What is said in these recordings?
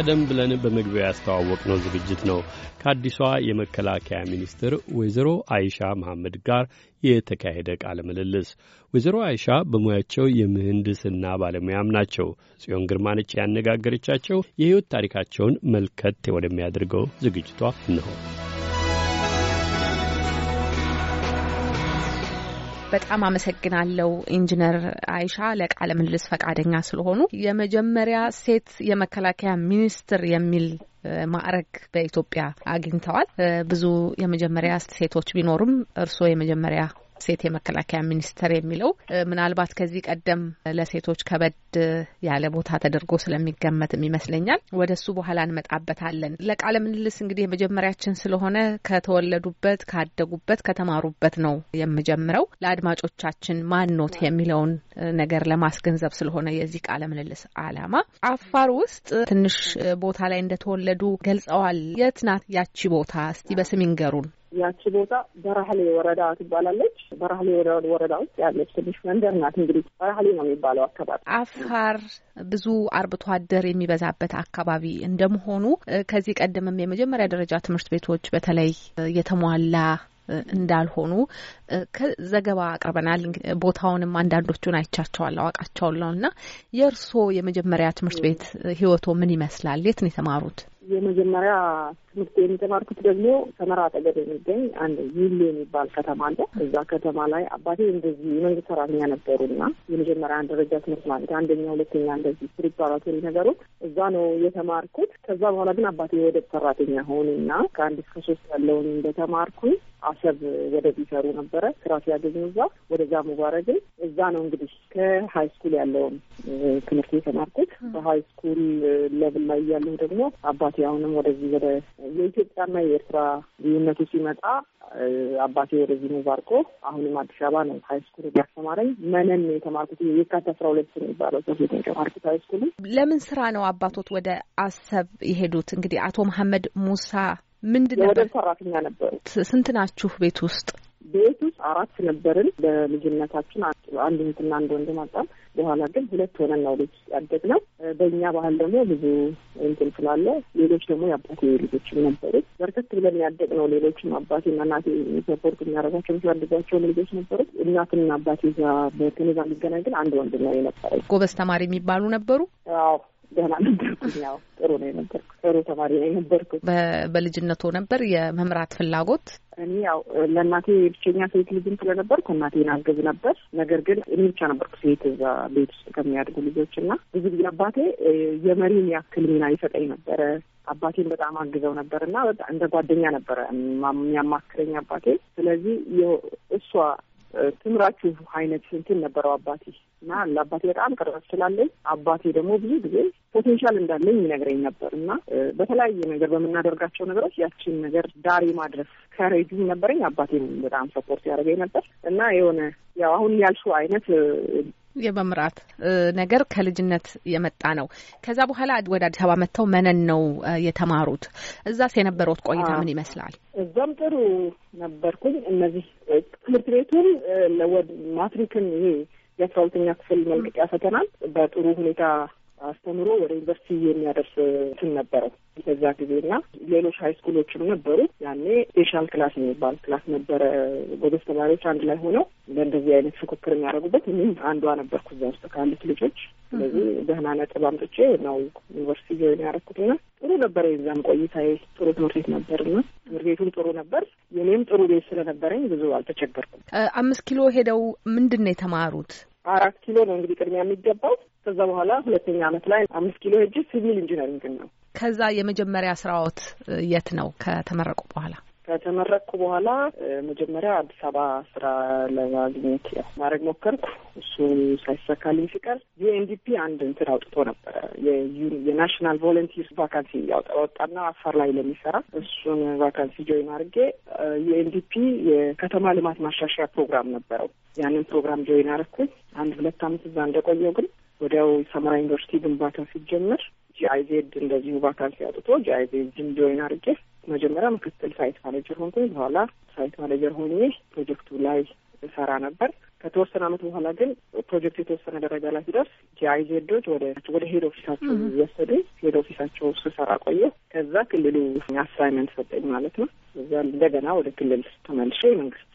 ቀደም ብለን በመግቢያ ያስተዋወቅነው ዝግጅት ነው ከአዲሷ የመከላከያ ሚኒስትር ወይዘሮ አይሻ መሐመድ ጋር የተካሄደ ቃለ ምልልስ። ወይዘሮ አይሻ በሙያቸው የምህንድስና ባለሙያም ናቸው። ጽዮን ግርማነች ያነጋገረቻቸው የሕይወት ታሪካቸውን መልከት ወደሚያደርገው ዝግጅቷ ነው። በጣም አመሰግናለሁ ኢንጂነር አይሻ ለቃለ ምልልስ ፈቃደኛ ስለሆኑ። የመጀመሪያ ሴት የመከላከያ ሚኒስትር የሚል ማዕረግ በኢትዮጵያ አግኝተዋል። ብዙ የመጀመሪያ ሴቶች ቢኖሩም እርስዎ የመጀመሪያ ሴት የመከላከያ ሚኒስቴር የሚለው ምናልባት ከዚህ ቀደም ለሴቶች ከበድ ያለ ቦታ ተደርጎ ስለሚገመትም ይመስለኛል። ወደ እሱ በኋላ እንመጣበታለን። ለቃለ ምልልስ እንግዲህ የመጀመሪያችን ስለሆነ ከተወለዱበት፣ ካደጉበት፣ ከተማሩበት ነው የምጀምረው። ለአድማጮቻችን ማንኖት የሚለውን ነገር ለማስገንዘብ ስለሆነ የዚህ ቃለ ምልልስ አላማ አፋር ውስጥ ትንሽ ቦታ ላይ እንደተወለዱ ገልጸዋል። የት ናት ያቺ ቦታ? እስቲ በስሚንገሩን ያቺ ቦታ በራህሌ ወረዳ ትባላለች። በራህሌ ወረዳ ውስጥ ያለች ትንሽ መንደር ናት። እንግዲህ በራህሌ ነው የሚባለው አካባቢ አፋር ብዙ አርብቶ አደር የሚበዛበት አካባቢ እንደመሆኑ ከዚህ ቀደምም የመጀመሪያ ደረጃ ትምህርት ቤቶች በተለይ የተሟላ እንዳልሆኑ ከዘገባ አቅርበናል። ቦታውንም አንዳንዶቹን አይቻቸዋል አዋቃቸዋለሁ። እና የእርስዎ የመጀመሪያ ትምህርት ቤት ህይወቶ ምን ይመስላል? የት ነው የተማሩት? የመጀመሪያ ትምህርት የተማርኩት ደግሞ ሰመራ አጠገብ የሚገኝ አንድ ዩሌ የሚባል ከተማ አለ። እዛ ከተማ ላይ አባቴ እንደዚህ የመንግስት ሰራተኛ ነበሩ እና የመጀመሪያ ደረጃ ትምህርት ማለት አንደኛ፣ ሁለተኛ እንደዚህ ፕሪፓራቶሪ ነገሮች እዛ ነው የተማርኩት። ከዛ በኋላ ግን አባቴ የወደብ ሰራተኛ ሆንና ከአንድ እስከ ሶስት ያለውን እንደተማርኩኝ አሰብ ወደብ ይሰሩ ነበረ። ስራ ሲያገኙ እዛ ወደዛ ሙባረግ እዛ ነው እንግዲህ ከሀይ ስኩል ያለውን ትምህርት የተማርኩት። በሀይ ስኩል ለብል ላይ እያለሁ ደግሞ አባቴ አሁንም ወደዚህ ወደ የኢትዮጵያና የኤርትራ ልዩነቱ ሲመጣ አባቴ ወደዚህ ሙባርቆ አሁንም አዲስ አበባ ነው ሀይ ስኩል ያስተማረኝ። መነን ነው የተማርኩት የካት አስራ ሁለት የሚባለው ሶሴት የተማርኩት ሀይ ስኩል። ለምን ስራ ነው አባቶት ወደ አሰብ የሄዱት? እንግዲህ አቶ መሀመድ ሙሳ ምንድን ነበር? ሰራተኛ ነበሩ። ስንት ናችሁ ቤት ውስጥ? ቤት ውስጥ አራት ነበርን። በልጅነታችን አንድ እህትና አንድ ወንድም አጣን። በኋላ ግን ሁለት ሆነን ነው ልጅ ያደግ ነው። በእኛ ባህል ደግሞ ብዙ እንትን ስላለ ሌሎች ደግሞ የአባቴ ልጆችም ነበሩ። በርከት ብለን ያደግ ነው። ሌሎችም አባቴና እናቴ ሰፖርት የሚያደርጋቸው የሚፈልጓቸውም ልጆች ነበሩ። እናትና አባቴ ዛ በትንዛ የሚገናኝ ግን አንድ ወንድም ነው የነበረ። ጎበዝ ተማሪ የሚባሉ ነበሩ። አዎ ደህና ነበርኩኝ። ያው ጥሩ ነው ጥሩ ተማሪ ነው የነበርኩት። በልጅነቱ ነበር የመምራት ፍላጎት? እኔ ያው ለእናቴ ብቸኛ ሴት ልጅም ስለነበርኩ እናቴን አግዝ ነበር። ነገር ግን እኔ ብቻ ነበርኩ ሴት እዛ ቤት ውስጥ ከሚያድጉ ልጆች እና ብዙ ጊዜ አባቴ የመሪን ያክል ሚና ይሰጠኝ ነበረ። አባቴን በጣም አግዘው ነበር እና እንደ ጓደኛ ነበረ የሚያማክረኝ አባቴ። ስለዚህ እሷ ትምራችሁ አይነት እንትን ነበረው አባቴ እና ለአባቴ በጣም ቅርበት ስላለኝ አባቴ ደግሞ ብዙ ጊዜ ፖቴንሻል እንዳለኝ ይነግረኝ ነበር እና በተለያየ ነገር በምናደርጋቸው ነገሮች ያችን ነገር ዳሬ ማድረስ ከሬጁ ነበረኝ። አባቴ በጣም ሰፖርት ያደርገኝ ነበር እና የሆነ ያው አሁን ያልሹ አይነት የመምራት ነገር ከልጅነት የመጣ ነው። ከዛ በኋላ ወደ አዲስ አበባ መጥተው መነን ነው የተማሩት። እዛስ የነበረውት ቆይታ ምን ይመስላል? እዛም ጥሩ ነበርኩኝ። እነዚህ ትምህርት ቤቱን ማትሪክን ይሄ የአስራ ሁለተኛ ክፍል መልቀቂያ ፈተናል በጥሩ ሁኔታ አስተምሮ ወደ ዩኒቨርሲቲ የሚያደርስ እንትን ነበረው በዛ ጊዜ እና ሌሎች ሀይ ስኩሎችም ነበሩ። ያኔ ስፔሻል ክላስ የሚባል ክላስ ነበረ። ጎበዝ ተማሪዎች አንድ ላይ ሆነው በእንደዚህ አይነት ፉክክር የሚያደርጉበት እኔም አንዷ ነበርኩ እዛ ውስጥ ካሉት ልጆች። ስለዚህ ደህና ነጥብ አምጥቼ ነው ዩኒቨርሲቲ ጆይን ያደረኩትና ጥሩ ነበረ። የዛም ቆይታዬ ጥሩ ትምህርት ቤት ነበር ነበርና ትምህርት ቤቱም ጥሩ ነበር። የኔም ጥሩ ቤት ስለነበረኝ ብዙ አልተቸገርኩም። አምስት ኪሎ ሄደው ምንድን ነው የተማሩት? አራት ኪሎ ነው እንግዲህ ቅድሚያ የሚገባው ከዛ በኋላ ሁለተኛ አመት ላይ አምስት ኪሎ ሄጄ ሲቪል ኢንጂነሪንግ ነው። ከዛ የመጀመሪያ ስራዎት የት ነው ከተመረቁ በኋላ? ከተመረቅኩ በኋላ መጀመሪያ አዲስ አበባ ስራ ለማግኘት ማድረግ ሞከርኩ። እሱ ሳይሳካልኝ ሲቀር ዩኤንዲፒ አንድ እንትን አውጥቶ ነበረ የናሽናል ቮለንቲር ቫካንሲ ወጣና አፋር ላይ ለሚሰራ እሱን ቫካንሲ ጆይን አድርጌ ዩኤንዲፒ የከተማ ልማት ማሻሻያ ፕሮግራም ነበረው። ያንን ፕሮግራም ጆይን አደረኩኝ። አንድ ሁለት አመት እዛ እንደቆየው ግን ወዲያው ሰማራ ዩኒቨርሲቲ ግንባታ ሲጀምር ጂአይዜድ እንደዚሁ ቫካንሲ አውጥቶ ጂአይዜድን ጆይን አድርጌ መጀመሪያ ምክትል ሳይት ማኔጀር ሆንኩኝ። በኋላ ሳይት ማኔጀር ሆኜ ፕሮጀክቱ ላይ ሰራ ነበር። ከተወሰነ አመት በኋላ ግን ፕሮጀክቱ የተወሰነ ደረጃ ላይ ሲደርስ ጂአይዜዶች ወደ ወደ ሄድ ኦፊሳቸው ወሰዱኝ። ሄድ ኦፊሳቸው ስሰራ ቆየ። ከዛ ክልሉ አሳይመንት ሰጠኝ ማለት ነው። እዛ እንደገና ወደ ክልል ተመልሼ መንግስት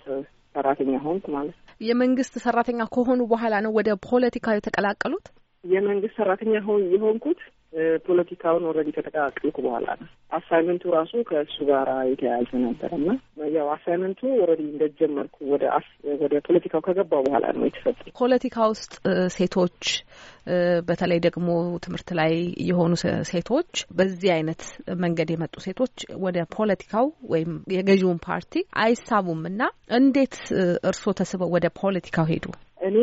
ሰራተኛ ሆንኩ ማለት ነው። የመንግስት ሰራተኛ ከሆኑ በኋላ ነው ወደ ፖለቲካ የተቀላቀሉት። የመንግስት ሰራተኛ ሆን የሆንኩት ፖለቲካውን ኦልሬዲ ከተቀላቀልኩ በኋላ ነው። አሳይመንቱ ራሱ ከእሱ ጋር የተያያዘ ነበር እና ያው አሳይመንቱ ኦልሬዲ እንደጀመርኩ ወደ ወደ ፖለቲካው ከገባው በኋላ ነው የተሰጠ። ፖለቲካ ውስጥ ሴቶች በተለይ ደግሞ ትምህርት ላይ የሆኑ ሴቶች በዚህ አይነት መንገድ የመጡ ሴቶች ወደ ፖለቲካው ወይም የገዢውን ፓርቲ አይሳቡም እና እንዴት እርስዎ ተስበው ወደ ፖለቲካው ሄዱ? እኔ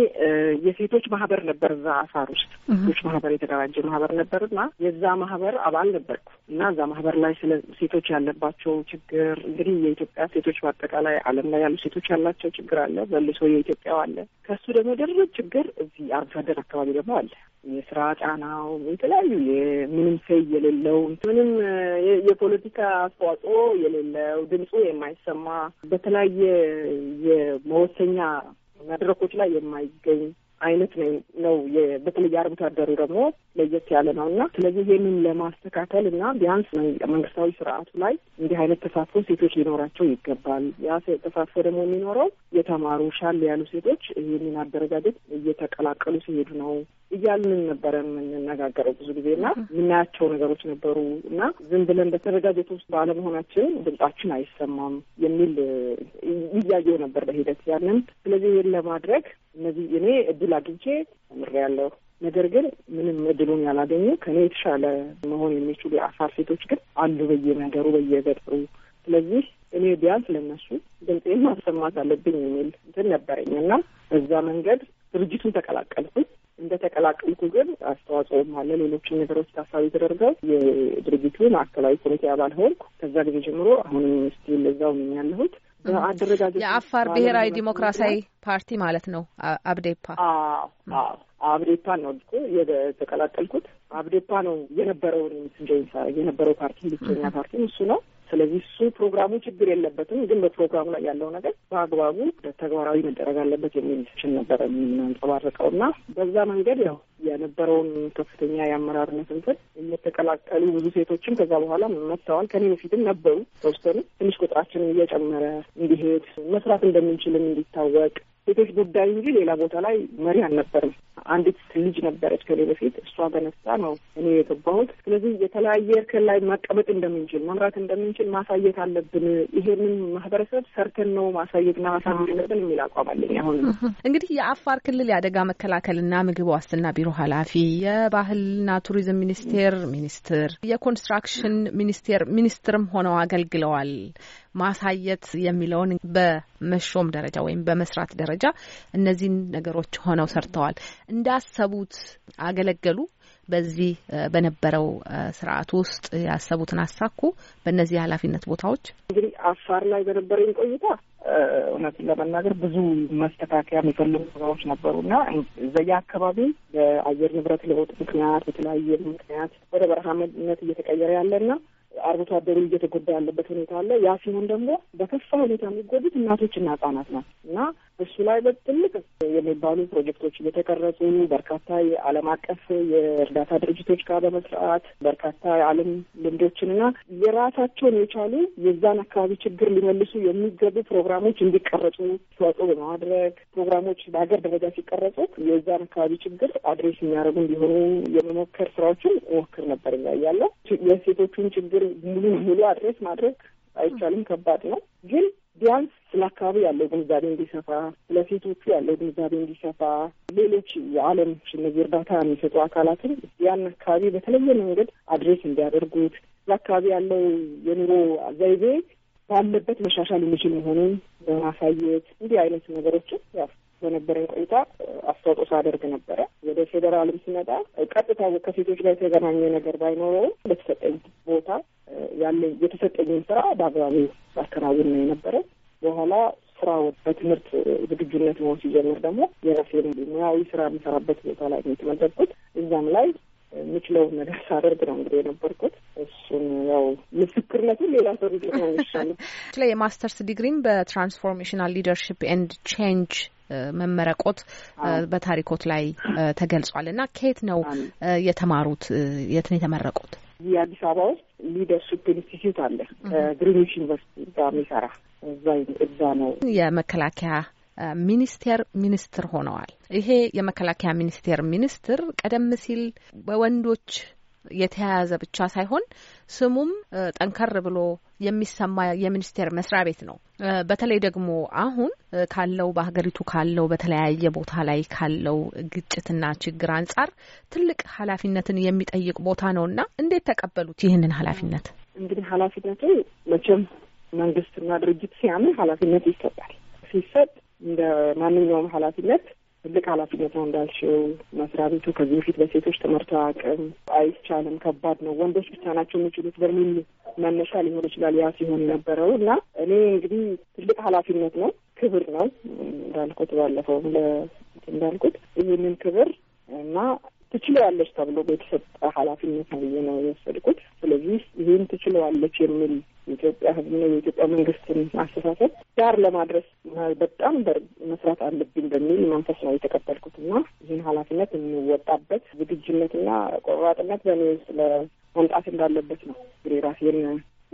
የሴቶች ማህበር ነበር እዛ አሳር ውስጥ ሴቶች ማህበር የተደራጀ ማህበር ነበር እና የዛ ማህበር አባል ነበርኩ እና እዛ ማህበር ላይ ስለ ሴቶች ያለባቸው ችግር እንግዲህ የኢትዮጵያ ሴቶች በአጠቃላይ ዓለም ላይ ያሉ ሴቶች ያላቸው ችግር አለ፣ መልሶ የኢትዮጵያው አለ። ከሱ ደግሞ ደረብ ችግር እዚህ አርብቶ አደር አካባቢ ደግሞ አለ። የስራ ጫናው የተለያዩ የምንም ሰይ የሌለው ምንም የፖለቲካ አስተዋጽኦ የሌለው ድምፁ የማይሰማ በተለያየ የመወሰኛ መድረኮች ላይ የማይገኝ አይነት ነው። በተለይ አርብቶ አደሩ ደግሞ ለየት ያለ ነው እና ስለዚህ ይህንን ለማስተካከል እና ቢያንስ መንግስታዊ ስርዓቱ ላይ እንዲህ አይነት ተሳትፎ ሴቶች ሊኖራቸው ይገባል። ያ ተሳትፎ ደግሞ የሚኖረው የተማሩ ሻል ያሉ ሴቶች ይህንን አደረጃጀት እየተቀላቀሉ ሲሄዱ ነው እያልን ነበረ የምንነጋገረው ብዙ ጊዜ እና የምናያቸው ነገሮች ነበሩ እና ዝም ብለን በተደረጃጀት ውስጥ ባለመሆናችን ድምጻችን አይሰማም የሚል እያየው ነበር በሂደት ያንን ስለዚህ ይህን ለማድረግ እነዚህ እኔ እድል አግኝቼ ተምሬያለሁ። ነገር ግን ምንም እድሉን ያላገኙ ከኔ የተሻለ መሆን የሚችሉ የአፋር ሴቶች ግን አሉ በየነገሩ በየገጠሩ። ስለዚህ እኔ ቢያንስ ለነሱ ድምፄን ማሰማት አለብኝ የሚል እንትን ነበረኝ እና በዛ መንገድ ድርጅቱን ተቀላቀልኩኝ። እንደ ተቀላቀልኩ ግን አስተዋጽኦም አለ፣ ሌሎችን ነገሮች ታሳቢ ተደርገው የድርጅቱ ማዕከላዊ ኮሚቴ አባል ሆንኩ። ከዛ ጊዜ ጀምሮ አሁንም ስቲል እዛው ያለሁት። አደረጋጀት የአፋር ብሔራዊ ዲሞክራሲያዊ ፓርቲ ማለት ነው። አብዴፓ አብዴፓ ነው እኮ የተቀላቀልኩት። አብዴፓ ነው የነበረውን የነበረው ፓርቲ ብቸኛ ፓርቲ እሱ ነው። ስለዚህ እሱ ፕሮግራሙ ችግር የለበትም፣ ግን በፕሮግራሙ ላይ ያለው ነገር በአግባቡ ተግባራዊ መደረግ አለበት የሚል ችን ነበረ የምናንጸባርቀው እና በዛ መንገድ ያው የነበረውን ከፍተኛ የአመራርነት እንትን እየተቀላቀሉ ብዙ ሴቶችም ከዛ በኋላ መጥተዋል። ከኔ በፊትም ነበሩ ተወሰኑ። ትንሽ ቁጥራችንን እየጨመረ እንዲሄድ መስራት እንደምንችልም እንዲታወቅ ሴቶች ጉዳይ እንጂ ሌላ ቦታ ላይ መሪ አልነበርም። አንዲት ልጅ ነበረች ከኔ በፊት እሷ ተነሳ ነው እኔ የገባሁት። ስለዚህ የተለያየ እርከን ላይ መቀመጥ እንደምንችል፣ መምራት እንደምንችል ማሳየት አለብን። ይሄንን ማህበረሰብ ሰርተን ነው ማሳየትና ማሳየት አለብን የሚል አቋም አለኝ። አሁን እንግዲህ የአፋር ክልል የአደጋ መከላከልና ምግብ ዋስትና ቢሮ ኃላፊ፣ የባህልና ቱሪዝም ሚኒስቴር ሚኒስትር፣ የኮንስትራክሽን ሚኒስቴር ሚኒስትርም ሆነው አገልግለዋል። ማሳየት የሚለውን በመሾም ደረጃ ወይም በመስራት ደረጃ እነዚህን ነገሮች ሆነው ሰርተዋል። እንዳሰቡት አገለገሉ። በዚህ በነበረው ስርዓት ውስጥ ያሰቡትን አሳኩ። በእነዚህ የኃላፊነት ቦታዎች እንግዲህ አፋር ላይ በነበረኝ ቆይታ እውነቱን ለመናገር ብዙ መስተካከያ የሚፈልጉ ነገሮች ነበሩ እና እዘያ አካባቢ በአየር ንብረት ለውጥ ምክንያት በተለያየ ምክንያት ወደ በረሃነት እየተቀየረ ያለ እና አርብቶ አደሩ እየተጎዳ ያለበት ሁኔታ አለ። ያ ሲሆን ደግሞ በከፋ ሁኔታ የሚጎዱት እናቶችና ህጻናት ናት እና እሱ ላይ በትልቅ የሚባሉ ፕሮጀክቶች እየተቀረጹ በርካታ የዓለም አቀፍ የእርዳታ ድርጅቶች ጋር በመስራት በርካታ የዓለም ልምዶችንና የራሳቸውን የቻሉ የዛን አካባቢ ችግር ሊመልሱ የሚገቡ ፕሮግራሞች እንዲቀረጹ ተዋጽኦ በማድረግ ፕሮግራሞች በሀገር ደረጃ ሲቀረጹ የዛን አካባቢ ችግር አድሬስ የሚያደርጉ እንዲሆኑ የመሞከር ስራዎችን ሞክር ነበር እያያለው የሴቶቹን ችግር ሙሉ ሙሉ አድሬስ ማድረግ አይቻልም፣ ከባድ ነው። ግን ቢያንስ ስለ አካባቢ ያለው ግንዛቤ እንዲሰፋ፣ ስለ ሴቶቹ ያለው ግንዛቤ እንዲሰፋ፣ ሌሎች የዓለም እነዚህ እርዳታ የሚሰጡ አካላትም ያን አካባቢ በተለየ መንገድ አድሬስ እንዲያደርጉት ለአካባቢ ያለው የኑሮ ዘይቤ ባለበት መሻሻል የሚችል መሆኑን በማሳየት እንዲህ አይነት ነገሮችን ያው በነበረ ቆይታ አስተዋጽኦ ሳደርግ ነበረ። ወደ ፌዴራልም ስመጣ ቀጥታ ከሴቶች ጋር የተገናኘ ነገር ባይኖረውም በተሰጠኝ ቦታ ያለ የተሰጠኝን ስራ በአግባቡ አከናውን ነው የነበረ። በኋላ ስራ በትምህርት ዝግጁነት መሆን ሲጀምር ደግሞ የራሴን ሙያዊ ስራ የምሰራበት ቦታ ላይ የተመደብኩት እዛም ላይ የምችለውን ነገር ሳደርግ ነው እንግዲህ የነበርኩት። እሱን ያው ምስክርነቱን ሌላ ሰው ይችላል። የማስተርስ ዲግሪም በትራንስፎርሜሽናል ሊደርሽፕ ኤንድ ቼንጅ መመረቆት በታሪኮት ላይ ተገልጿል እና ከየት ነው የተማሩት? የት ነው የተመረቁት? የአዲስ አበባ ውስጥ ሊደርሽፕ ኢንስቲትዩት አለ ከግሪኒች ዩኒቨርሲቲ ጋር የሚሰራ እዛ እዛ ነው የመከላከያ ሚኒስቴር ሚኒስትር ሆነዋል። ይሄ የመከላከያ ሚኒስቴር ሚኒስትር ቀደም ሲል በወንዶች የተያያዘ ብቻ ሳይሆን ስሙም ጠንከር ብሎ የሚሰማ የሚኒስቴር መስሪያ ቤት ነው። በተለይ ደግሞ አሁን ካለው በሀገሪቱ ካለው በተለያየ ቦታ ላይ ካለው ግጭትና ችግር አንጻር ትልቅ ኃላፊነትን የሚጠይቅ ቦታ ነው እና እንዴት ተቀበሉት ይህንን ኃላፊነት? እንግዲህ ኃላፊነቱ መቼም መንግስትና ድርጅት ሲያምን ኃላፊነት ይሰጣል። ሲሰጥ እንደ ማንኛውም ኃላፊነት ትልቅ ኃላፊነት ነው እንዳልሽው። መስሪያ ቤቱ ከዚህ በፊት በሴቶች ትምህርት አቅም አይቻልም፣ ከባድ ነው፣ ወንዶች ብቻ ናቸው የሚችሉት በሚል መነሻ ሊሆን ይችላል ያ ሲሆን የነበረው እና እኔ እንግዲህ ትልቅ ኃላፊነት ነው፣ ክብር ነው እንዳልኩት ባለፈው እንዳልኩት ይህንን ክብር እና ትችለዋለች ተብሎ በተሰጠ ኃላፊነት ብዬ ነው የወሰድኩት። ስለዚህ ይህን ትችለዋለች የሚል የኢትዮጵያ ሕዝብና የኢትዮጵያ መንግስትን አስተሳሰብ ዳር ለማድረስ በጣም መስራት አለብኝ በሚል መንፈስ ነው የተቀበልኩትና ይህን ኃላፊነት የሚወጣበት ዝግጅነትና ቆራጥነት በእኔ ስለ መምጣት እንዳለበት ነው ራሴን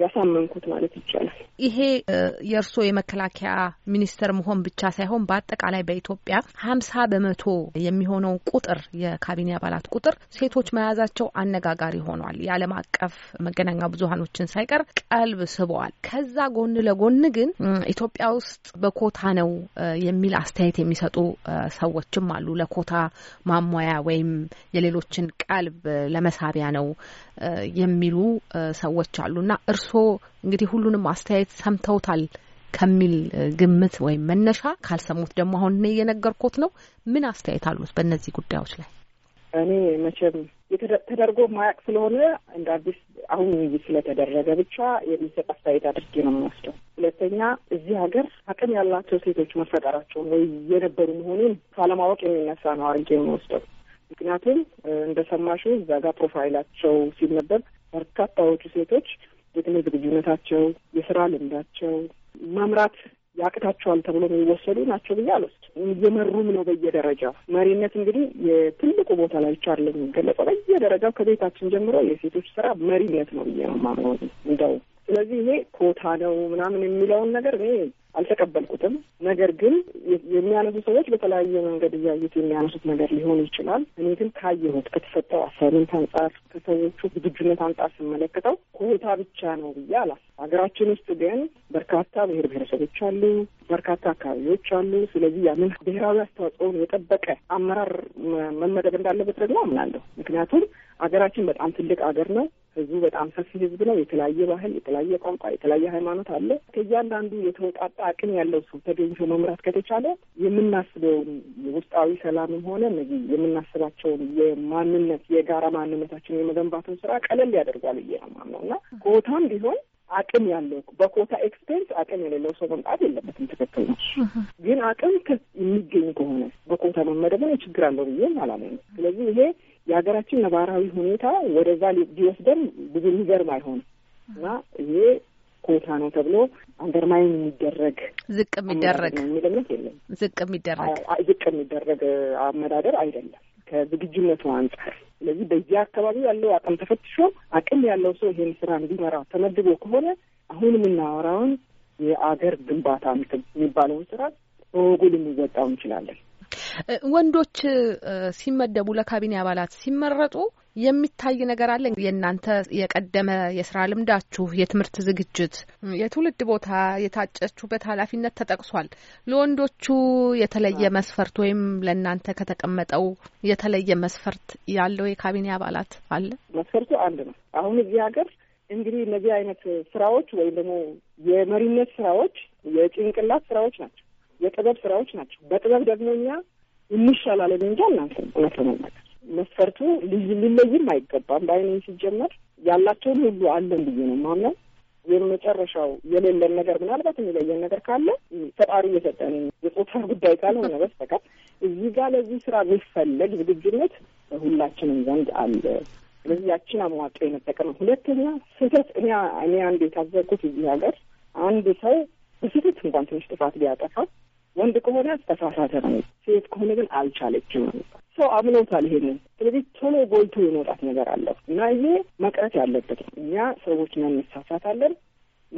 ያሳመንኩት ማለት ይቻላል። ይሄ የእርስዎ የመከላከያ ሚኒስትር መሆን ብቻ ሳይሆን በአጠቃላይ በኢትዮጵያ ሀምሳ በመቶ የሚሆነው ቁጥር የካቢኔ አባላት ቁጥር ሴቶች መያዛቸው አነጋጋሪ ሆኗል። የዓለም አቀፍ መገናኛ ብዙሀኖችን ሳይቀር ቀልብ ስበዋል። ከዛ ጎን ለጎን ግን ኢትዮጵያ ውስጥ በኮታ ነው የሚል አስተያየት የሚሰጡ ሰዎችም አሉ። ለኮታ ማሟያ ወይም የሌሎችን ቀልብ ለመሳቢያ ነው የሚሉ ሰዎች እና እርስዎ እንግዲህ ሁሉንም አስተያየት ሰምተውታል ከሚል ግምት ወይም መነሻ ካልሰሙት ደግሞ አሁን እኔ እየነገርኩት ነው። ምን አስተያየት አሉት በእነዚህ ጉዳዮች ላይ? እኔ መቼም ተደርጎ ማያቅ ስለሆነ እንደ አዲስ አሁን ውይይት ስለተደረገ ብቻ የሚሰጥ አስተያየት አድርጌ ነው የሚወስደው። ሁለተኛ እዚህ ሀገር አቅም ያላቸው ሴቶች መፈጠራቸውን ወይ የነበሩ መሆኑን ካለማወቅ የሚነሳ ነው አድርጌ የሚወስደው። ምክንያቱም እንደሰማሽው እዛ ጋር ፕሮፋይላቸው ሲነበብ በርካታዎቹ ሴቶች የዕድሜ ዝግጁነታቸው፣ የስራ ልምዳቸው መምራት ያቅታቸዋል ተብሎ የሚወሰዱ ናቸው ብዬ አልወስድም። እየመሩም ነው በየደረጃው። መሪነት እንግዲህ የትልቁ ቦታ ላይ ብቻ የሚገለጸው። በየደረጃው ከቤታችን ጀምሮ የሴቶች ስራ መሪነት ነው ብዬ ነው የማምነው እንደው ስለዚህ ይሄ ኮታ ነው ምናምን የሚለውን ነገር እኔ አልተቀበልኩትም። ነገር ግን የሚያነሱ ሰዎች በተለያየ መንገድ እያዩት የሚያነሱት ነገር ሊሆን ይችላል። እኔ ግን ካየሁት ከተሰጠው አሳይመንት አንጻር ከሰዎቹ ዝግጁነት አንጻር ስመለከተው ኮታ ብቻ ነው ብዬ አላ ሀገራችን ውስጥ ግን በርካታ ብሔር ብሔረሰቦች አሉ፣ በርካታ አካባቢዎች አሉ። ስለዚህ ያንን ብሔራዊ አስተዋጽኦን የጠበቀ አመራር መመደብ እንዳለበት ደግሞ አምናለሁ ምክንያቱም አገራችን በጣም ትልቅ አገር ነው። ህዝቡ በጣም ሰፊ ህዝብ ነው። የተለያየ ባህል፣ የተለያየ ቋንቋ፣ የተለያየ ሃይማኖት አለ። ከእያንዳንዱ የተወጣጣ አቅም ያለው ሰው ተገኝቶ መምራት ከተቻለ የምናስበውን ውስጣዊ ሰላምም ሆነ እነዚህ የምናስባቸውን የማንነት የጋራ ማንነታችን የመገንባቱን ስራ ቀለል ያደርጓል ብዬ ነው የማምነው እና ቦታም ቢሆን አቅም ያለው በኮታ ኤክስፔንስ አቅም የሌለው ሰው መምጣት የለበትም። ትክክል ነው። ግን አቅም የሚገኝ ከሆነ በኮታ መመደብ ነው ችግር አለው ብዬም አላለኝ። ስለዚህ ይሄ የሀገራችን ነባራዊ ሁኔታ ወደዛ ሊወስደን ብዙ የሚገርም አይሆን እና ይሄ ኮታ ነው ተብሎ አንደርማይን የሚደረግ ዝቅ የሚደረግ የሚል እምነት የለም። ዝቅ የሚደረግ ዝቅ የሚደረግ አመዳደር አይደለም። ከዝግጁነቱ አንጻር ስለዚህ በየአካባቢው ያለው አቅም ተፈትሾ አቅም ያለው ሰው ይሄን ስራ እንዲመራ ተመድቦ ከሆነ አሁን የምናወራውን የአገር ግንባታ የሚባለውን ስራ በወጉ ልንወጣው እንችላለን። ወንዶች ሲመደቡ ለካቢኔ አባላት ሲመረጡ የሚታይ ነገር አለ? የእናንተ የቀደመ የስራ ልምዳችሁ፣ የትምህርት ዝግጅት፣ የትውልድ ቦታ፣ የታጨችሁበት ኃላፊነት ተጠቅሷል። ለወንዶቹ የተለየ መስፈርት ወይም ለእናንተ ከተቀመጠው የተለየ መስፈርት ያለው የካቢኔ አባላት አለ? መስፈርቱ አንድ ነው። አሁን እዚህ ሀገር እንግዲህ እነዚህ አይነት ስራዎች ወይም ደግሞ የመሪነት ስራዎች የጭንቅላት ስራዎች ናቸው፣ የጥበብ ስራዎች ናቸው። በጥበብ ደግሞ እኛ እንሻላለን እንጂ አናንስም እውነት ለመናገር መስፈርቱ ልዩ ሊለይም አይገባም። በአይኔ ሲጀመር ያላቸውን ሁሉ አለን ብዬ ነው ማምነው። የመጨረሻው የሌለን ነገር ምናልባት የሚለየን ነገር ካለ ፈጣሪ እየሰጠን የጾታ ጉዳይ ካልሆነ በስተቀር እዚህ ጋር ለዚህ ስራ የሚፈለግ ዝግጁነት ሁላችንም ዘንድ አለ። ስለዚህ ያችን አሟጦ የመጠቀም ሁለተኛ ስህተት እኔ እኔ አንድ የታዘብኩት እዚህ ሀገር አንድ ሰው በስህተት እንኳን ትንሽ ጥፋት ሊያጠፋ ወንድ ከሆነ ተሳሳተ ነው፣ ሴት ከሆነ ግን አልቻለችም ነው። ሰው አምኖታል ይሄን። ስለዚህ ቶሎ ጎልቶ የመውጣት ነገር አለ እና ይሄ መቅረት ያለበት እኛ ሰዎች ነን፣ እንሳሳታለን።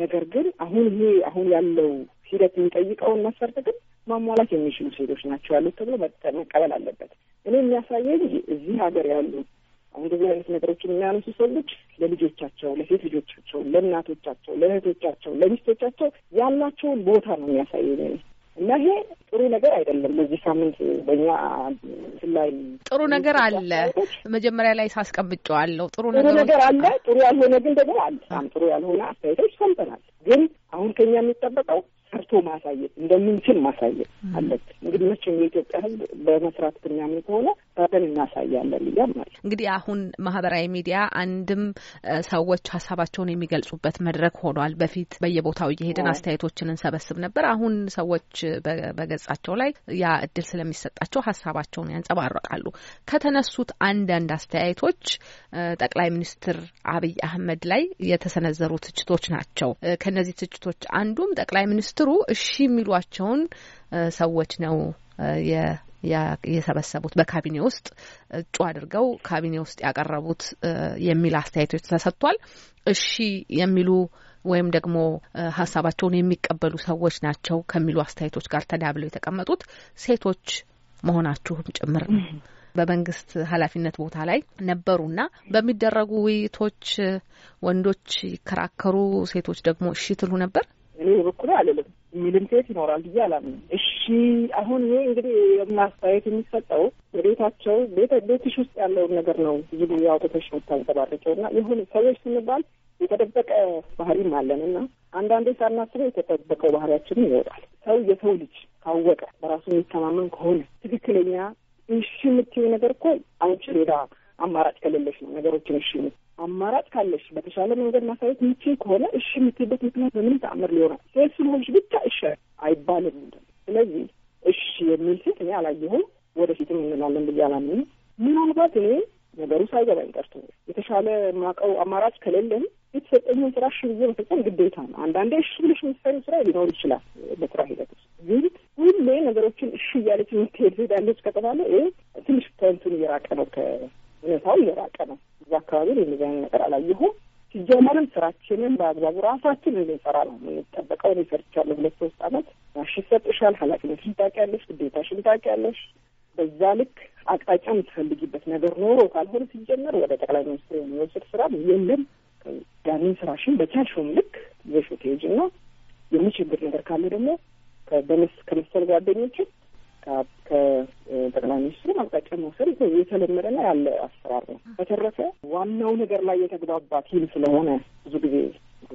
ነገር ግን አሁን ይሄ አሁን ያለው ሂደት የሚጠይቀውን መስፈርት ግን ማሟላት የሚችሉ ሴቶች ናቸው ያሉት ተብሎ መቀበል አለበት። እኔ የሚያሳየኝ እዚህ ሀገር ያሉ አሁን እንደዚህ አይነት ነገሮችን የሚያነሱ ሰዎች ለልጆቻቸው፣ ለሴት ልጆቻቸው፣ ለእናቶቻቸው፣ ለእህቶቻቸው፣ ለሚስቶቻቸው ያላቸውን ቦታ ነው የሚያሳየኝ። እና ይሄ ጥሩ ነገር አይደለም። በዚህ ሳምንት በእኛ ላይ ጥሩ ነገር አለ። መጀመሪያ ላይ ሳስቀምጨዋለሁ። ጥሩ ነገር አለ፣ ጥሩ ያልሆነ ግን ደግሞ አለ። ጥሩ ያልሆነ አስተያየቶች ሰምተናል። ግን አሁን ከኛ የሚጠበቀው ሰርቶ ማሳየት እንደምንችል ማሳየት አለብን። እንግዲህ መቼም የኢትዮጵያ ሕዝብ በመስራት ብናምን ከሆነ ሰርተን እናሳያለን እያምናለሁ። እንግዲህ አሁን ማህበራዊ ሚዲያ አንድም ሰዎች ሀሳባቸውን የሚገልጹበት መድረክ ሆኗል። በፊት በየቦታው እየሄድን አስተያየቶችን እንሰበስብ ነበር። አሁን ሰዎች በገጻቸው ላይ ያ እድል ስለሚሰጣቸው ሀሳባቸውን ያንጸባርቃሉ። ከተነሱት አንዳንድ አስተያየቶች ጠቅላይ ሚኒስትር አብይ አህመድ ላይ የተሰነዘሩ ትችቶች ናቸው። ከነዚህ ትችቶች አንዱም ጠቅላይ ሚኒስትር በትሩ እሺ የሚሏቸውን ሰዎች ነው የሰበሰቡት በካቢኔ ውስጥ እጩ አድርገው ካቢኔ ውስጥ ያቀረቡት የሚል አስተያየቶች ተሰጥቷል። እሺ የሚሉ ወይም ደግሞ ሀሳባቸውን የሚቀበሉ ሰዎች ናቸው ከሚሉ አስተያየቶች ጋር ተዳብለው የተቀመጡት ሴቶች መሆናችሁም ጭምር ነው። በመንግስት ኃላፊነት ቦታ ላይ ነበሩና በሚደረጉ ውይይቶች ወንዶች ይከራከሩ፣ ሴቶች ደግሞ እሺ ትሉ ነበር። እኔ በበኩሌ አልልም የሚልም ሴት ይኖራል ብዬ አላምንም። እሺ አሁን ይሄ እንግዲህ የማስተያየት የሚሰጠው በቤታቸው ቤትሽ ውስጥ ያለውን ነገር ነው ብዙ ጊዜ አውጥተሽ የምታንጸባርቂው እና ይሁን ሰዎች ስንባል የተደበቀ ባህሪም አለን እና አንዳንዴ ሳናስበው የተጠበቀው ባህሪያችንም ይወጣል። ሰው የሰው ልጅ ካወቀ በራሱ የሚተማመን ከሆነ ትክክለኛ እሺ የምትይው ነገር እኮ አንቺ ሌላ አማራጭ ከሌለሽ ነው ነገሮችን እሺ አማራጭ ካለሽ በተሻለ መንገድ ማሳየት የምችል ከሆነ እሺ የምትይበት ምክንያት በምን ተአምር ሊሆናል? ሴት ስለሆንሽ ብቻ እሺ አይባልም። ስለዚህ እሺ የሚል ሴት እኔ አላየሁም፣ ወደፊትም እንላለን ብዬ አላምንም። ምናልባት እኔ ነገሩ ሳይገባኝ ቀርቶ የተሻለ ማቀው አማራጭ ከሌለን የተሰጠኝን ስራ እሺ ብዬ መፈጸም ግዴታ ነው። አንዳንዴ እሺ ብለሽ የምትሰሪው ስራ ሊኖር ይችላል በስራ ሂደት ውስጥ ግን ሁሌ ነገሮችን እሺ እያለች የምትሄድ ሄዳለች ከተባለ ይህ ትንሽ ከንቱን እየራቀ ነው ሁኔታው እየራቀ ነው። እዛ አካባቢ እንደዚህ ነገር አላየሁም። ሲጀመርም ስራችንን በአግባቡ ራሳችን እንድንሰራ ነው የምንጠበቀው። እኔ ሰርቻለሁ ሁለት ሶስት አመት ማሽ ይሰጥሻል። ኃላፊነትሽን ታውቂያለሽ፣ ግዴታሽን ታውቂያለሽ። በዛ ልክ አቅጣጫ የምትፈልጊበት ነገር ኖሮ ካልሆነ ሲጀመር ወደ ጠቅላይ ሚኒስትር የሚወስድ ስራ የለም። ያንን ስራሽን በቻልሽውም ልክ ይዘሽው እና የሚችግር ነገር ካለ ደግሞ ከመሰል ጓደኞችን ከጠቅላይ ሚኒስትሩ አቅጣጫ መውሰድ የተለመደና ያለ አሰራር ነው። በተረፈ ዋናው ነገር ላይ የተግባባ ቲም ስለሆነ ብዙ ጊዜ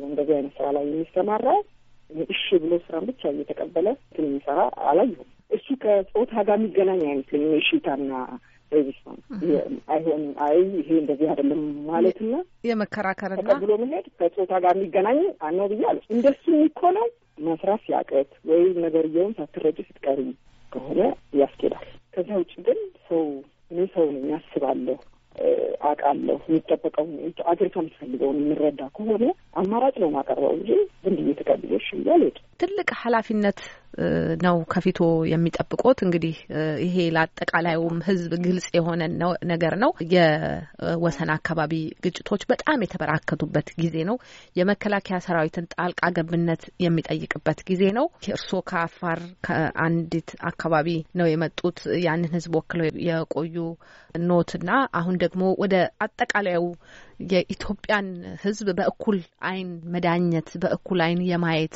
እንደዚህ አይነት ስራ ላይ የሚሰማራ እሺ ብሎ ስራን ብቻ እየተቀበለ ትን የሚሰራ አላየሁም። እሱ ከጾታ ጋር የሚገናኝ አይመስለኝም። የእሺታና ሬዚስታንስ አይሆንም። አይ ይሄ እንደዚህ አይደለም ማለትና የመከራከርና ተቀብሎ መሄድ ከጾታ ጋር የሚገናኝ አነው ብዬ አለ። እንደሱ የሚኮነው መስራት ሲያቅት ወይም እየሆን ሳትረጭ ስትቀሪ ከሆነ ያስኬዳል። ከዚያ ውጭ ግን ሰው እኔ ሰው ነኝ ያስባለሁ፣ አውቃለሁ፣ የሚጠበቀው አገሪቷ የምትፈልገውን የምረዳ ከሆነ አማራጭ ነው ማቀርበው እንጂ ዝም ብዬ ተቀብሎሽ እያል ትልቅ ኃላፊነት ነው ከፊቶ የሚጠብቁት። እንግዲህ ይሄ ለአጠቃላዩም ሕዝብ ግልጽ የሆነ ነገር ነው። የወሰን አካባቢ ግጭቶች በጣም የተበራከቱበት ጊዜ ነው። የመከላከያ ሰራዊትን ጣልቃ ገብነት የሚጠይቅበት ጊዜ ነው። እርስዎ ከአፋር ከአንዲት አካባቢ ነው የመጡት። ያንን ሕዝብ ወክለው የቆዩ ኖትና አሁን ደግሞ ወደ አጠቃላዩ የኢትዮጵያን ሕዝብ በእኩል አይን መዳኘት በእኩል አይን የማየት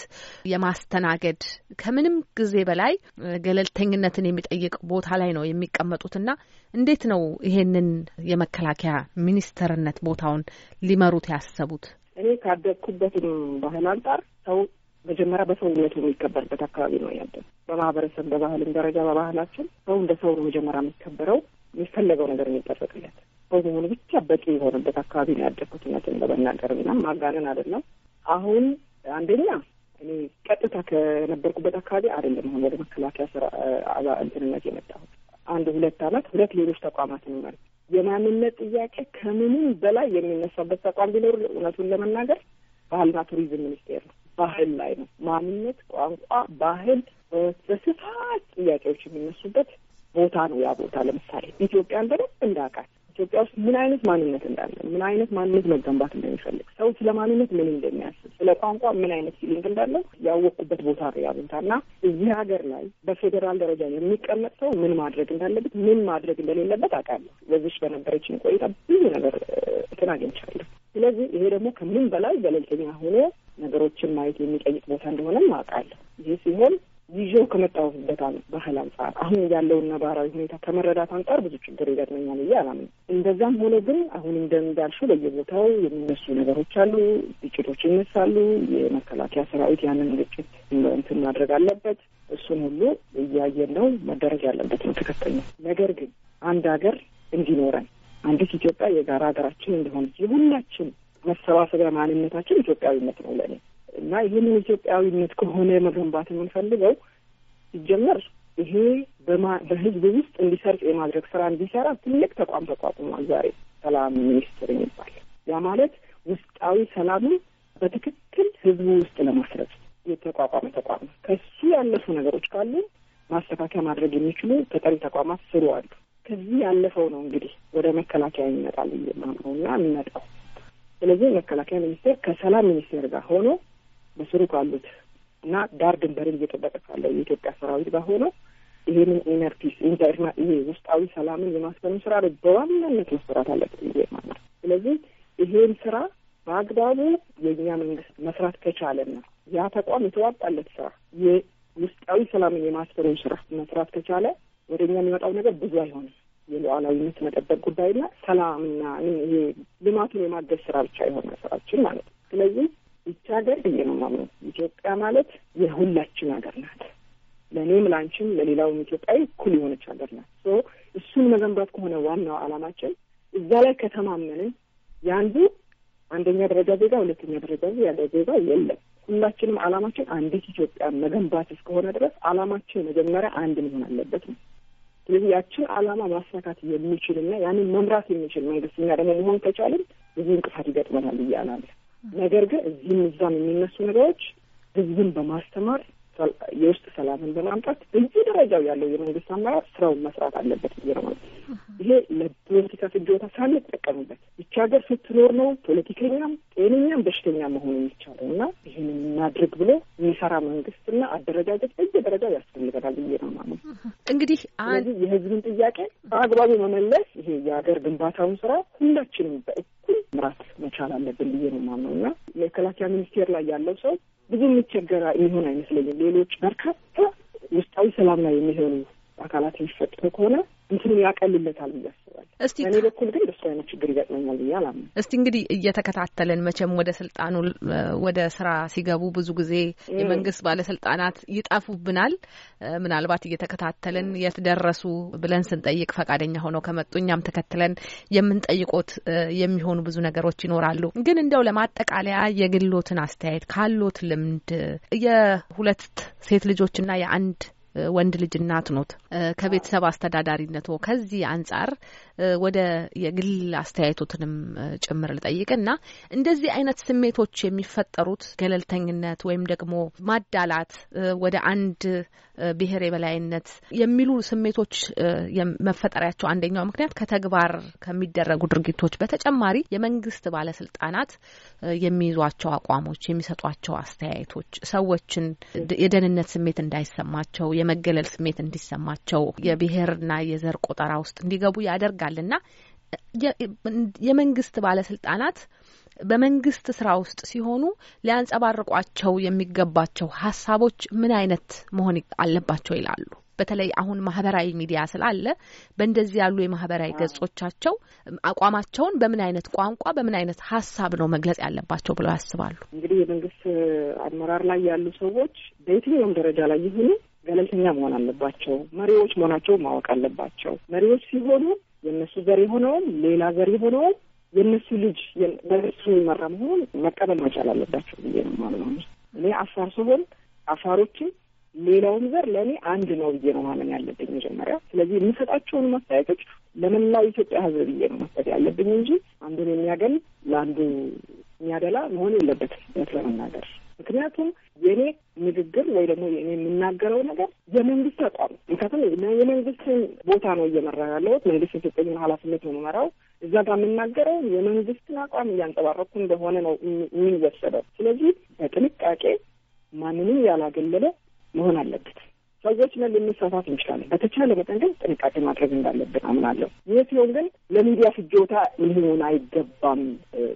የማስተናገድ ከምንም ጊዜ በላይ ገለልተኝነትን የሚጠይቅ ቦታ ላይ ነው የሚቀመጡትና እንዴት ነው ይሄንን የመከላከያ ሚኒስተርነት ቦታውን ሊመሩት ያሰቡት? እኔ ካደግኩበትም ባህል አንጻር ሰው መጀመሪያ በሰውነቱ የሚከበርበት አካባቢ ነው ያለን። በማህበረሰብ በባህልም ደረጃ በባህላችን ሰው እንደ ሰው ነው መጀመሪያ የሚከበረው፣ የሚፈለገው ነገር የሚጠበቅለት በመሆኑ ብቻ በቂ የሆነበት አካባቢ ነው ያደግኩት። እውነትን ለመናገር እና ማጋነን አይደለም። አሁን አንደኛ እኔ ቀጥታ ከነበርኩበት አካባቢ አይደለም አሁን ወደ መከላከያ ስራ እንትንነት የመጣሁት አንድ ሁለት አመት ሁለት ሌሎች ተቋማትን ማለት የማንነት ጥያቄ ከምንም በላይ የሚነሳበት ተቋም ቢኖር እውነቱን ለመናገር ባህልና ቱሪዝም ሚኒስቴር ነው። ባህል ላይ ነው ማንነት፣ ቋንቋ፣ ባህል በስፋት ጥያቄዎች የሚነሱበት ቦታ ነው። ያ ቦታ ለምሳሌ ኢትዮጵያን በደንብ እንዳውቃት ኢትዮጵያ ውስጥ ምን አይነት ማንነት እንዳለ፣ ምን አይነት ማንነት መገንባት እንደሚፈልግ፣ ሰው ስለ ማንነት ምን እንደሚያስብ፣ ስለ ቋንቋ ምን አይነት ፊሊንግ እንዳለው? ያወቅኩበት ቦታ ነው ያ እና እዚህ ሀገር ላይ በፌዴራል ደረጃ የሚቀመጥ ሰው ምን ማድረግ እንዳለበት፣ ምን ማድረግ እንደሌለበት አውቃለሁ። በዚች በነበረችን ቆይታ ብዙ ነገር እንትን አግኝቻለሁ። ስለዚህ ይሄ ደግሞ ከምንም በላይ ገለልተኛ ሆኖ ነገሮችን ማየት የሚጠይቅ ቦታ እንደሆነም አውቃለሁ። ይህ ሲሆን ይዤው ከመጣሁበት ባህል አንጻር አሁን ያለውን ነባራዊ ሁኔታ ከመረዳት አንጻር ብዙ ችግር ይገጥመኛል ብዬ አላምን። እንደዛም ሆኖ ግን አሁን እንደንዳልሹ በየቦታው የሚነሱ ነገሮች አሉ፣ ግጭቶች ይነሳሉ። የመከላከያ ሰራዊት ያንን ግጭት እንትን ማድረግ አለበት። እሱን ሁሉ እያየን ነው። መደረግ ያለበት ነው ትክክል ነው። ነገር ግን አንድ ሀገር እንዲኖረን አንዲት ኢትዮጵያ የጋራ ሀገራችን እንደሆነች የሁላችን መሰባሰቢያ ማንነታችን ኢትዮጵያዊነት ነው ለእኔ እና ይህንን ኢትዮጵያዊነት ከሆነ መገንባት የምንፈልገው ሲጀመር ይሄ በህዝብ ውስጥ እንዲሰርጥ የማድረግ ስራ እንዲሰራ ትልቅ ተቋም ተቋቁሟል። ዛሬ ሰላም ሚኒስቴር የሚባል ያ ማለት ውስጣዊ ሰላምን በትክክል ህዝቡ ውስጥ ለማስረጽ የተቋቋመ ተቋም ነው። ከሱ ያለፉ ነገሮች ካሉ ማስተካከያ ማድረግ የሚችሉ ተጠሪ ተቋማት ስሩ አሉ። ከዚህ ያለፈው ነው እንግዲህ ወደ መከላከያ ይመጣል ብዬ እና የሚመጣው። ስለዚህ መከላከያ ሚኒስቴር ከሰላም ሚኒስቴር ጋር ሆኖ በስሩ ካሉት እና ዳር ድንበርን እየጠበቀ ካለው የኢትዮጵያ ሰራዊት ጋር ሆኖ ይሄንን ኢነር ፒስ ኢንተርና ይሄ ውስጣዊ ሰላምን የማስፈኑ ስራ በዋናነት መስራት አለበት ብዬ ማምናል። ስለዚህ ይሄን ስራ በአግባቡ የእኛ መንግስት መስራት ከቻለና ያ ተቋም የተዋጣለት ስራ የውስጣዊ ሰላምን የማስፈኑ ስራ መስራት ከቻለ ወደ እኛ የሚመጣው ነገር ብዙ አይሆንም። የሉዓላዊነት መጠበቅ ጉዳይና ሰላምና ይሄ ልማቱን የማገዝ ስራ ብቻ የሆነ ስራችን ማለት ነው። ስለዚህ ይቺ ሀገር ብዬ ነው የማምነው። ኢትዮጵያ ማለት የሁላችን ሀገር ናት። ለእኔም ለአንቺም ለሌላውም ኢትዮጵያዊ እኩል የሆነች ሀገር ናት። እሱን መገንባት ከሆነ ዋናው አላማችን እዛ ላይ ከተማመንን የአንዱ አንደኛ ደረጃ ዜጋ፣ ሁለተኛ ደረጃ ያለ ዜጋ የለም። ሁላችንም አላማችን አንዲት ኢትዮጵያ መገንባት እስከሆነ ድረስ አላማችን መጀመሪያ አንድ መሆን አለበት ነው። ስለዚህ ያችን አላማ ማሳካት የሚችልና ያንን መምራት የሚችል መንግስት እኛ ደግሞ መሆን ከቻልን ብዙ እንቅፋት ይገጥመናል እያላለ ነገር ግን እዚህም እዛም የሚነሱ ነገሮች ህዝብን በማስተማር የውስጥ ሰላምን በማምጣት በየደረጃው ያለው የመንግስት አመራር ስራውን መስራት አለበት ብዬ ነው ማለት ይሄ ለፖለቲካ ፍጆታ ሳንጠቀምበት ይቺ ሀገር ስትኖር ነው ፖለቲከኛም ጤነኛም በሽተኛ መሆኑ የሚቻለው እና ይህን እናድርግ ብሎ የሚሰራ መንግስትና አደረጃጀት በየደረጃው ያስፈልገናል ብዬ ነው ማለት እንግዲህ ስለዚህ የህዝብን ጥያቄ በአግባቡ መመለስ ይሄ የሀገር ግንባታውን ስራ ሁላችንም በእኩል ምራት መቻል አለብን ብዬ ነው ማምነው እና መከላከያ ሚኒስቴር ላይ ያለው ሰው ብዙ የሚቸገር የሚሆን አይመስለኝም። ሌሎች በርካታ ውስጣዊ ሰላም ላይ የሚሆኑ አካላት የሚፈጥሩ ከሆነ እንትኑ ያቀልለታል ብያስ እስቲ እኔ በኩል ግን እንደሱ አይነት ችግር ይገጥመኛል ብዬ አላምንም። እስቲ እንግዲህ እየተከታተልን መቼም ወደ ስልጣኑ ወደ ስራ ሲገቡ ብዙ ጊዜ የመንግስት ባለስልጣናት ይጠፉብናል። ምናልባት እየተከታተልን የት ደረሱ ብለን ስንጠይቅ ፈቃደኛ ሆነው ከመጡ እኛም ተከትለን የምንጠይቆት የሚሆኑ ብዙ ነገሮች ይኖራሉ። ግን እንደው ለማጠቃለያ የግሎትን አስተያየት ካሎት ልምድ የሁለት ሴት ልጆችና የአንድ ወንድ ልጅ እናት ኖት ከቤተሰብ አስተዳዳሪነቶ ከዚህ አንጻር ወደ የግል አስተያየቶትንም ጭምር እና እንደዚህ አይነት ስሜቶች የሚፈጠሩት ገለልተኝነት ወይም ደግሞ ማዳላት ወደ አንድ ብሔር የበላይነት የሚሉ ስሜቶች መፈጠሪያቸው አንደኛው ምክንያት ከተግባር ከሚደረጉ ድርጊቶች በተጨማሪ የመንግስት ባለስልጣናት የሚይዟቸው አቋሞች፣ የሚሰጧቸው አስተያየቶች ሰዎችን የደህንነት ስሜት እንዳይሰማቸው፣ የመገለል ስሜት እንዲሰማቸው፣ የብሔርና የዘር ቆጠራ ውስጥ እንዲገቡ ያደርጋልና የመንግስት ባለስልጣናት በመንግስት ስራ ውስጥ ሲሆኑ ሊያንጸባርቋቸው የሚገባቸው ሀሳቦች ምን አይነት መሆን አለባቸው ይላሉ? በተለይ አሁን ማህበራዊ ሚዲያ ስላለ በእንደዚህ ያሉ የማህበራዊ ገጾቻቸው አቋማቸውን በምን አይነት ቋንቋ፣ በምን አይነት ሀሳብ ነው መግለጽ ያለባቸው ብለው ያስባሉ? እንግዲህ የመንግስት አመራር ላይ ያሉ ሰዎች በየትኛውም ደረጃ ላይ ይሁኑ ገለልተኛ መሆን አለባቸው። መሪዎች መሆናቸው ማወቅ አለባቸው። መሪዎች ሲሆኑ የእነሱ ዘር የሆነውም ሌላ ዘር የሆነውም የእነሱ ልጅ በእነሱ የሚመራ መሆኑን መቀበል መቻል አለባቸው ብዬ ነው ማለት ነው። እኔ አፋር ስሆን አፋሮችም ሌላውም ዘር ለእኔ አንድ ነው ብዬ ነው ማመን ያለብኝ መጀመሪያ። ስለዚህ የምሰጣቸውን ማስተያየቶች ለመላው ኢትዮጵያ ሕዝብ ብዬ ነው መስጠት ያለብኝ እንጂ አንዱን የሚያገል ለአንዱ የሚያደላ መሆን የለበት ነት ለመናገር ምክንያቱም የእኔ ንግግር ወይ ደግሞ የእኔ የምናገረው ነገር የመንግስት ተቋም ምክንያቱም የመንግስትን ቦታ ነው እየመራ ያለሁት። መንግስት የሰጠኝን ኃላፊነት ነው የምመራው። እዛ ጋር የምናገረው የመንግስትን አቋም እያንጸባረኩ እንደሆነ ነው የሚወሰደው። ስለዚህ በጥንቃቄ ማንንም ያላገለለ መሆን አለበት። ሰዎች ነን ልንሳሳት እንችላለን። በተቻለ መጠን ግን ጥንቃቄ ማድረግ እንዳለብን አምናለሁ። ይህ ሲሆን ግን ለሚዲያ ፍጆታ ሊሆን አይገባም።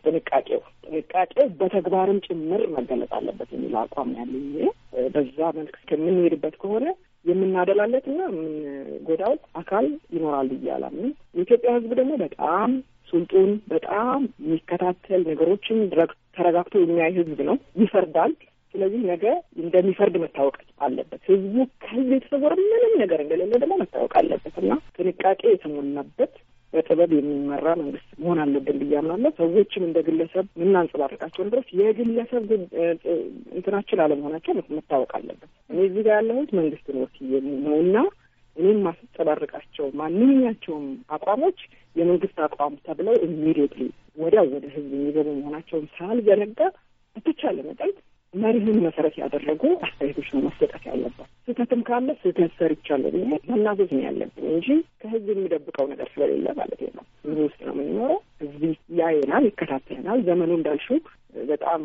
ጥንቃቄው ጥንቃቄው በተግባርም ጭምር መገለጽ አለበት የሚለው አቋም ያለኝ በዛ መልክ እስከምንሄድበት ከሆነ የምናደላለት እና የምንጎዳው አካል ይኖራል ብዬ የኢትዮጵያ ህዝብ ደግሞ በጣም ስልጡን፣ በጣም የሚከታተል ነገሮችን ተረጋግቶ የሚያይ ህዝብ ነው። ይፈርዳል። ስለዚህ ነገ እንደሚፈርድ መታወቅ አለበት። ህዝቡ ከህዝብ የተሰወረ ምንም ነገር እንደሌለ ደግሞ መታወቅ አለበት እና ጥንቃቄ የተሞላበት በጥበብ የሚመራ መንግስት መሆን አለብን ብዬ አምናለሁ። ሰዎችም እንደ ግለሰብ የምናንጸባርቃቸውን ድረስ የግለሰብ እንትናችን አለመሆናቸው መታወቅ አለበት። እኔ እዚህ ጋር ያለሁት መንግስትን ወክዬ ነው እና እኔም ማስጸባርቃቸው ማንኛቸውም አቋሞች የመንግስት አቋም ተብለው ኢሚዲየትሊ ወዲያው ወደ ህዝብ የሚገቡ መሆናቸውን ሳልዘነጋ በተቻለ መጠን መርህን መሰረት ያደረጉ አስተያየቶች ነው መሰጠት ያለበት። ስህተትም ካለ ስህተት ሰርቻለሁ ብዬ መናዘዝ ነው ያለብን እንጂ ከህዝብ የሚደብቀው ነገር ስለሌለ ማለት ነው። ህዝብ ውስጥ ነው የምንኖረው። ህዝብ ያየናል፣ ይከታተለናል። ዘመኑ እንዳልሽው በጣም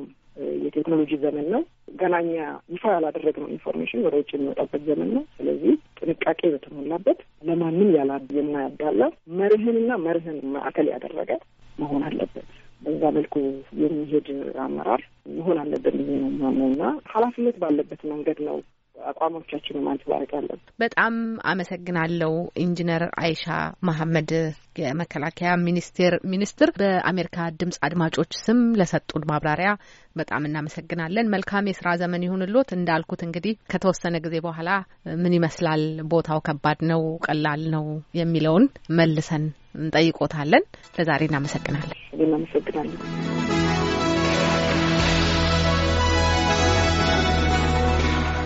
የቴክኖሎጂ ዘመን ነው። ገናኛ ይፋ ያላደረግነው ኢንፎርሜሽን ወደ ውጭ የሚወጣበት ዘመን ነው። ስለዚህ ጥንቃቄ በተሞላበት ለማንም ያላ የማያዳላ መርህንና መርህን ማዕከል ያደረገ መሆን አለበት። በዛ መልኩ የሚሄድ አመራር መሆን አለብን ብዬ ነው ማምነው እና ኃላፊነት ባለበት መንገድ ነው አቋሞቻችንን ማንጸባረቅ ያለብን። በጣም አመሰግናለሁ ኢንጂነር አይሻ መሀመድ የመከላከያ ሚኒስቴር ሚኒስትር፣ በአሜሪካ ድምጽ አድማጮች ስም ለሰጡን ማብራሪያ በጣም እናመሰግናለን። መልካም የስራ ዘመን ይሁንሎት። እንዳልኩት እንግዲህ ከተወሰነ ጊዜ በኋላ ምን ይመስላል ቦታው ከባድ ነው ቀላል ነው የሚለውን መልሰን እንጠይቆታለን። ለዛሬ እናመሰግናለን። እናመሰግናለን።